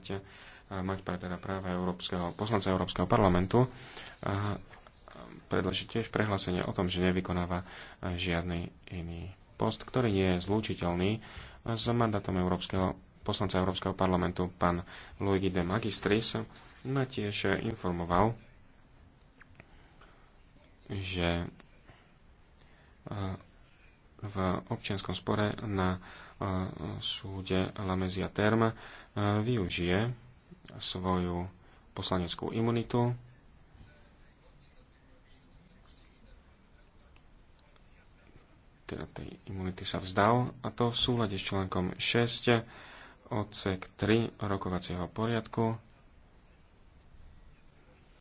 považovať mať teda práve Európskeho, poslanca Európskeho parlamentu a predložiť tiež prehlásenie o tom, že nevykonáva e, žiadny iný post, ktorý nie je zlúčiteľný s mandátom Európskeho poslanca Európskeho parlamentu. Pán Luigi de Magistris ma tiež informoval, že v občianskom spore na e, súde Lamezia Term e, využije svoju poslaneckú imunitu teda tej imunity sa vzdal a to v súlade s článkom 6 odsek 3 rokovacieho poriadku